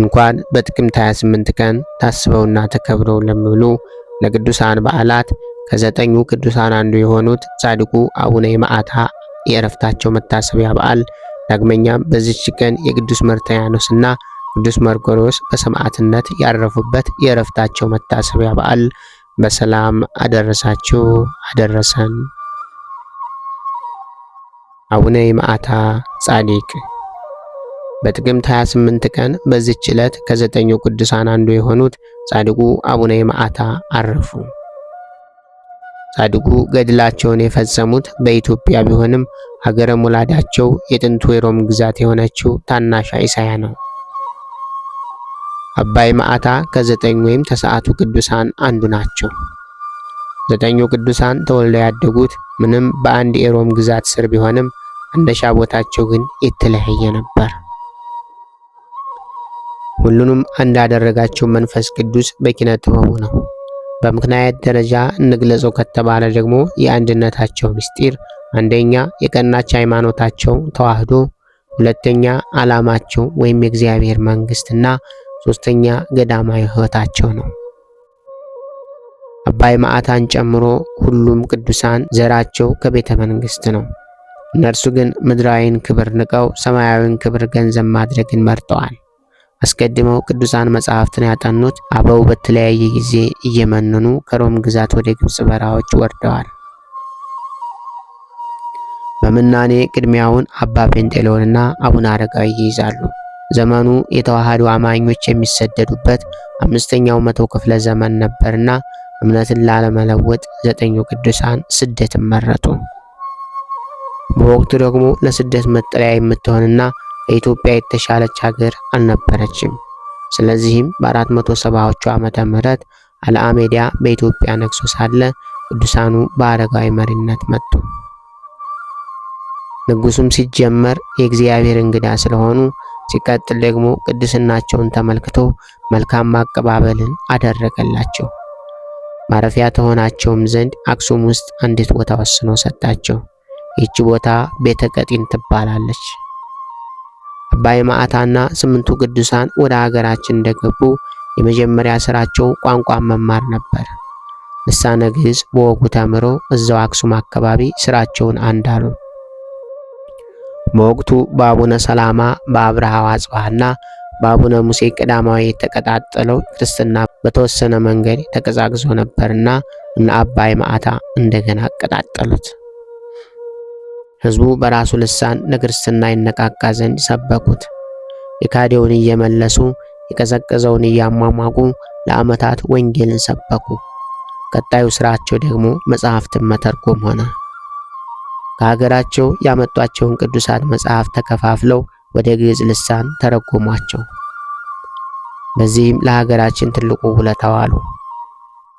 እንኳን በጥቅምት 28 ቀን ታስበውና ተከብረው ለሚውሉ ለቅዱሳን በዓላት ከዘጠኙ ቅዱሳን አንዱ የሆኑት ጻድቁ አቡነ የማዕታ የእረፍታቸው መታሰቢያ በዓል ዳግመኛም በዚች ቀን የቅዱስ መርተያኖስና ቅዱስ መርቆሬዎስ በሰማዕትነት ያረፉበት የእረፍታቸው መታሰቢያ በዓል በሰላም አደረሳችሁ አደረሰን። አቡነ የማዕታ ጻዲቅ በጥቅምት 28 ቀን በዚች ዕለት ከዘጠኙ ቅዱሳን አንዱ የሆኑት ጻድቁ አቡነ ይምዓታ አረፉ። ጻድቁ ገድላቸውን የፈጸሙት በኢትዮጵያ ቢሆንም ሀገረ ሙላዳቸው የጥንቱ የሮም ግዛት የሆነችው ታናሻ ኢሳያ ነው። አባ ይምዓታ ከዘጠኝ ወይም ተሰዓቱ ቅዱሳን አንዱ ናቸው። ዘጠኙ ቅዱሳን ተወልደው ያደጉት ምንም በአንድ የሮም ግዛት ስር ቢሆንም መነሻ ቦታቸው ግን የተለያየ ነበር። ሁሉንም እንዳደረጋቸው መንፈስ ቅዱስ በኪነ ጥበቡ ነው። በምክንያት ደረጃ እንግለጸው ከተባለ ደግሞ የአንድነታቸው ምስጢር አንደኛ የቀናች ሃይማኖታቸው ተዋህዶ፣ ሁለተኛ ዓላማቸው ወይም የእግዚአብሔር መንግስትና ሶስተኛ ገዳማዊ ህይወታቸው ነው። አባይ ማዕታን ጨምሮ ሁሉም ቅዱሳን ዘራቸው ከቤተ መንግስት ነው። እነርሱ ግን ምድራዊን ክብር ንቀው ሰማያዊን ክብር ገንዘብ ማድረግን መርጠዋል። አስቀድመው ቅዱሳን መጻሕፍትን ያጠኑት አበው በተለያየ ጊዜ እየመነኑ ከሮም ግዛት ወደ ግብጽ በረሃዎች ወርደዋል። በምናኔ ቅድሚያውን አባ ጴንጤሎንና አቡነ አረጋዊ ይይዛሉ። ዘመኑ የተዋሃዱ አማኞች የሚሰደዱበት አምስተኛው መቶ ክፍለ ዘመን ነበርና እምነትን ላለመለወጥ ዘጠኙ ቅዱሳን ስደትን መረጡ። በወቅቱ ደግሞ ለስደት መጠለያ የምትሆንና ለኢትዮጵያ የተሻለች ሀገር አልነበረችም። ስለዚህም በ470ዎቹ ዓመተ ምህረት አልአሜዲያ በኢትዮጵያ ነግሶ ሳለ ቅዱሳኑ በአረጋዊ መሪነት መጡ። ንጉሱም ሲጀመር የእግዚአብሔር እንግዳ ስለሆኑ፣ ሲቀጥል ደግሞ ቅድስናቸውን ተመልክቶ መልካም አቀባበልን አደረገላቸው። ማረፊያ ተሆናቸውም ዘንድ አክሱም ውስጥ አንዲት ቦታ ወስኖ ሰጣቸው። ይህች ቦታ ቤተ ቀጢን ትባላለች። አባይ ማዕታና ስምንቱ ቅዱሳን ወደ ሀገራችን እንደገቡ የመጀመሪያ ስራቸው ቋንቋ መማር ነበር። ልሳነ ግዕዝ በወጉ ተምሮ እዛው አክሱም አካባቢ ስራቸውን አንድ አሉ። በወቅቱ በአቡነ ሰላማ በአብርሃ አጽባህና በአቡነ ሙሴ ቀዳማዊ የተቀጣጠለው ክርስትና በተወሰነ መንገድ ተቀዛቅዞ ነበርና እነ አባይ ማዕታ እንደገና አቀጣጠሉት። ሕዝቡ በራሱ ልሳን ለክርስትና ይነቃቃ ዘንድ ሰበኩት። የካዴውን እየመለሱ የቀዘቀዘውን እያሟሟቁ ለዓመታት ወንጌልን ሰበኩ። ቀጣዩ ስራቸው ደግሞ መጽሐፍትን መተርጎም ሆነ። ከሀገራቸው ያመጧቸውን ቅዱሳት መጽሐፍ ተከፋፍለው ወደ ግዕዝ ልሳን ተረጎሟቸው። በዚህም ለሀገራችን ትልቁ ውለታ ዋሉ።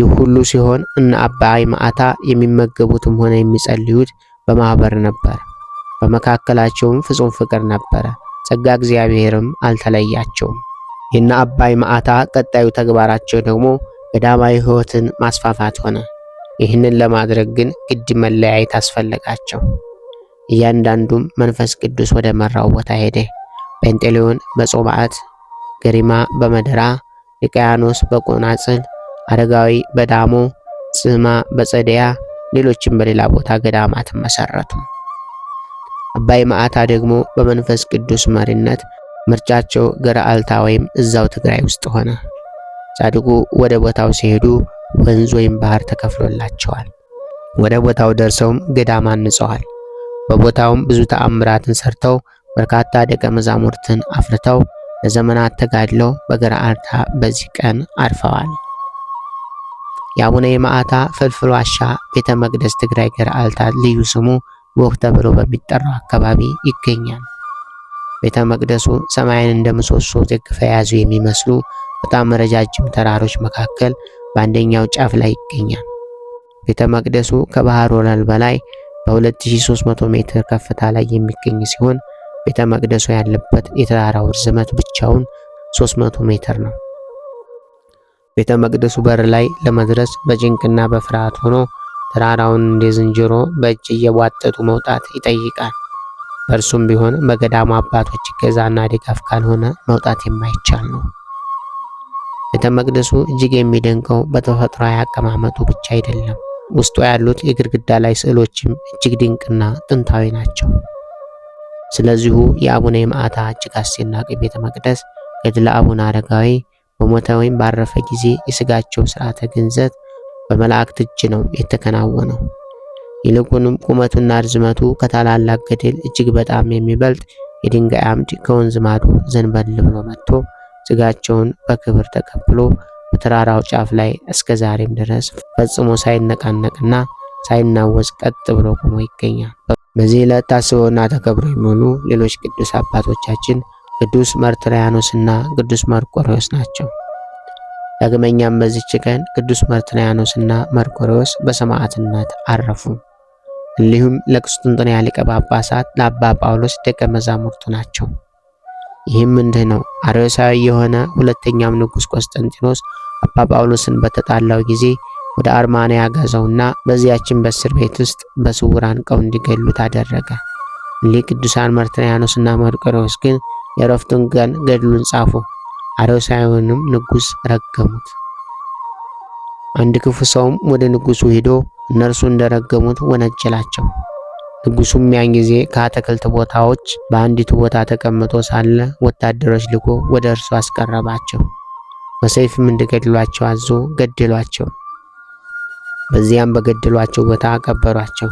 ይህ ሁሉ ሲሆን እነ አባ ይምዓታ የሚመገቡትም ሆነ የሚጸልዩት በማህበር ነበር። በመካከላቸውም ፍጹም ፍቅር ነበረ። ጸጋ እግዚአብሔርም አልተለያቸውም። የነ አባይ ማዕታ ቀጣዩ ተግባራቸው ደግሞ ገዳማዊ ህይወትን ማስፋፋት ሆነ። ይህንን ለማድረግ ግን ግድ መለያየት አስፈለጋቸው። እያንዳንዱም መንፈስ ቅዱስ ወደ መራው ቦታ ሄደ። ጴንጤሌዮን በጾማዕት፣ ገሪማ በመደራ፣ ኒቃያኖስ በቆናጽል፣ አረጋዊ በዳሞ፣ ጽህማ በጸደያ ሌሎችም በሌላ ቦታ ገዳማትን መሰረቱ። አባይ ማዕታ ደግሞ በመንፈስ ቅዱስ መሪነት ምርጫቸው ገረአልታ ወይም እዛው ትግራይ ውስጥ ሆነ። ጻድቁ ወደ ቦታው ሲሄዱ ወንዝ ወይም ባህር ተከፍሎላቸዋል። ወደ ቦታው ደርሰውም ገዳም አንጸዋል። በቦታውም ብዙ ተአምራትን ሰርተው በርካታ ደቀ መዛሙርትን አፍርተው ለዘመናት ተጋድለው በገረአልታ በዚህ ቀን አርፈዋል። የአቡነ የማዕታ ፍልፍል ዋሻ ቤተ መቅደስ ትግራይ አልታ ልዩ ስሙ ወፍ ተብሎ በሚጠራው አካባቢ ይገኛል። ቤተ መቅደሱ ሰማይን እንደ ምሰሶ ደግፈ የያዙ የሚመስሉ በጣም ረጃጅም ተራሮች መካከል በአንደኛው ጫፍ ላይ ይገኛል። ቤተ መቅደሱ ከባህር ወለል በላይ በ2300 ሜትር ከፍታ ላይ የሚገኝ ሲሆን ቤተ መቅደሱ ያለበት የተራራው ርዝመት ብቻውን 300 ሜትር ነው። ቤተ መቅደሱ በር ላይ ለመድረስ በጭንቅና በፍርሃት ሆኖ ተራራውን እንደ ዝንጀሮ በእጅ እየቧጠጡ መውጣት ይጠይቃል። እርሱም ቢሆን በገዳሙ አባቶች እገዛና ድጋፍ ካልሆነ መውጣት የማይቻል ነው። ቤተ መቅደሱ እጅግ የሚደንቀው በተፈጥሯዊ አቀማመጡ ብቻ አይደለም። ውስጡ ያሉት የግድግዳ ላይ ስዕሎችም እጅግ ድንቅና ጥንታዊ ናቸው። ስለዚሁ የአቡነ ይምዓታ እጅግ አስደናቂ ቤተ መቅደስ ገድለ አቡነ አረጋዊ በሞተ ወይም ባረፈ ጊዜ የስጋቸው ሥርዓተ ግንዘት በመላእክት እጅ ነው የተከናወነው። ይልቁንም ቁመቱና ርዝመቱ ከታላላቅ ገደል እጅግ በጣም የሚበልጥ የድንጋይ አምድ ከወንዝ ማዶ ዘንበል ብሎ መጥቶ ስጋቸውን በክብር ተቀብሎ በተራራው ጫፍ ላይ እስከ ዛሬም ድረስ ፈጽሞ ሳይነቃነቅና ሳይናወዝ ቀጥ ብሎ ቆሞ ይገኛል። በዚህ ዕለት ታስበውና ተከብረው የሚሆኑ ሌሎች ቅዱስ አባቶቻችን ቅዱስ መርትሪያኖስና ቅዱስ መርቆሬዎስ ናቸው። ዳግመኛም በዚች ቀን ቅዱስ መርትሪያኖስና መርቆሬዎስ በሰማዕትነት አረፉ። እንዲሁም ለቁስጥንጥንያ ሊቀ ጳጳሳት ለአባ ጳውሎስ ደቀ መዛሙርቱ ናቸው። ይህም እንዲህ ነው። አርዮሳዊ የሆነ ሁለተኛም ንጉሥ ቆስጠንጢኖስ አባ ጳውሎስን በተጣላው ጊዜ ወደ አርማንያ ያጋዘውና በዚያችን በእስር ቤት ውስጥ በስውር አንቀው እንዲገሉት አደረገ። እሊህ ቅዱሳን መርትሪያኖስና መርቆሬዎስ ግን የእረፍቱን ቀን ገድሉን ጻፉ። አርዮሳውያንም ንጉሥ ረገሙት። አንድ ክፉ ሰውም ወደ ንጉሡ ሄዶ እነርሱ እንደረገሙት ወነጀላቸው። ንጉሱም ያን ጊዜ ከአትክልት ቦታዎች በአንዲቱ ቦታ ተቀምጦ ሳለ ወታደሮች ልኮ ወደ እርሱ አስቀረባቸው። በሰይፍም እንዲገድሏቸው አዞ ገድሏቸው በዚያም በገድሏቸው ቦታ አቀበሯቸው።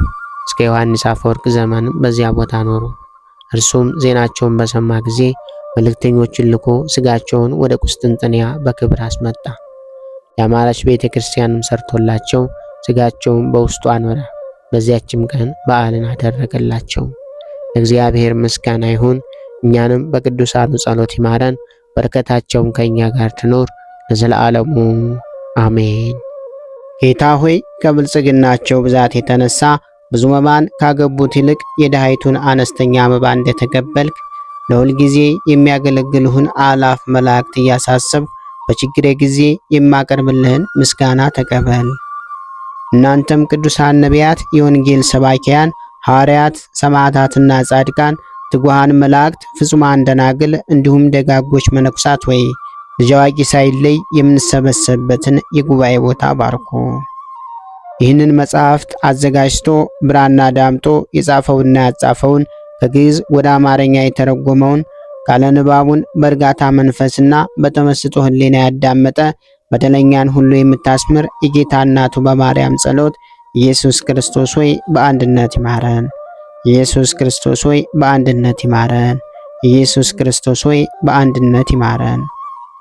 እስከ ዮሐንስ አፈወርቅ ዘመንም በዚያ ቦታ ኖሩ። እርሱም ዜናቸውን በሰማ ጊዜ መልእክተኞችን ልኮ ስጋቸውን ወደ ቁስጥንጥንያ በክብር አስመጣ። ያማረች ቤተ ክርስቲያንም ሰርቶላቸው ስጋቸውን በውስጡ አኖረ። በዚያችም ቀን በዓልን አደረገላቸው። ለእግዚአብሔር ምስጋና ይሁን። እኛንም በቅዱሳኑ ጸሎት ይማረን፣ በረከታቸውም ከእኛ ጋር ትኖር ለዘለዓለሙ አሜን። ጌታ ሆይ ከብልጽግናቸው ብዛት የተነሳ ብዙ መባን ካገቡት ይልቅ የድሃይቱን አነስተኛ መባ እንደተቀበልክ ጊዜ የሚያገለግልሁን አላፍ መላእክት እያሳሰብ በችግሬ ጊዜ የማቀርብልህን ምስጋና ተቀበል። እናንተም ቅዱሳን ነቢያት፣ የወንጌል ሰባኪያን ሐዋርያት፣ ሰማዕታትና ጻድቃን፣ ትጉሃን መላእክት፣ ፍጹማን ደናግል እንዲሁም ደጋጎች መነኩሳት ወይ ልጅ አዋቂ ሳይለይ የምንሰበሰብበትን የጉባኤ ቦታ ባርኩ። ይህንን መጽሐፍት አዘጋጅቶ ብራና ዳምጦ የጻፈውና ያጻፈውን ከግዕዝ ወደ አማርኛ የተረጎመውን ቃለ ንባቡን በእርጋታ መንፈስና በተመስጦ ሕሊና ያዳመጠ በደለኛን ሁሉ የምታስምር የጌታ እናቱ በማርያም ጸሎት ኢየሱስ ክርስቶስ ሆይ በአንድነት ይማረን። ኢየሱስ ክርስቶስ ሆይ በአንድነት ይማረን። ኢየሱስ ክርስቶስ ሆይ በአንድነት ይማረን።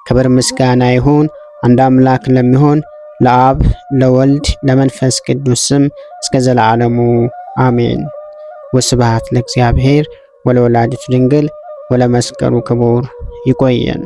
ክብር ምስጋና ይሁን አንድ አምላክ ለሚሆን ለአብ ለወልድ ለመንፈስ ቅዱስ ስም እስከ ዘለዓለሙ አሜን። ወስብሐት ለእግዚአብሔር ወለወላዲቱ ድንግል ወለመስቀሉ ክቡር። ይቆየን።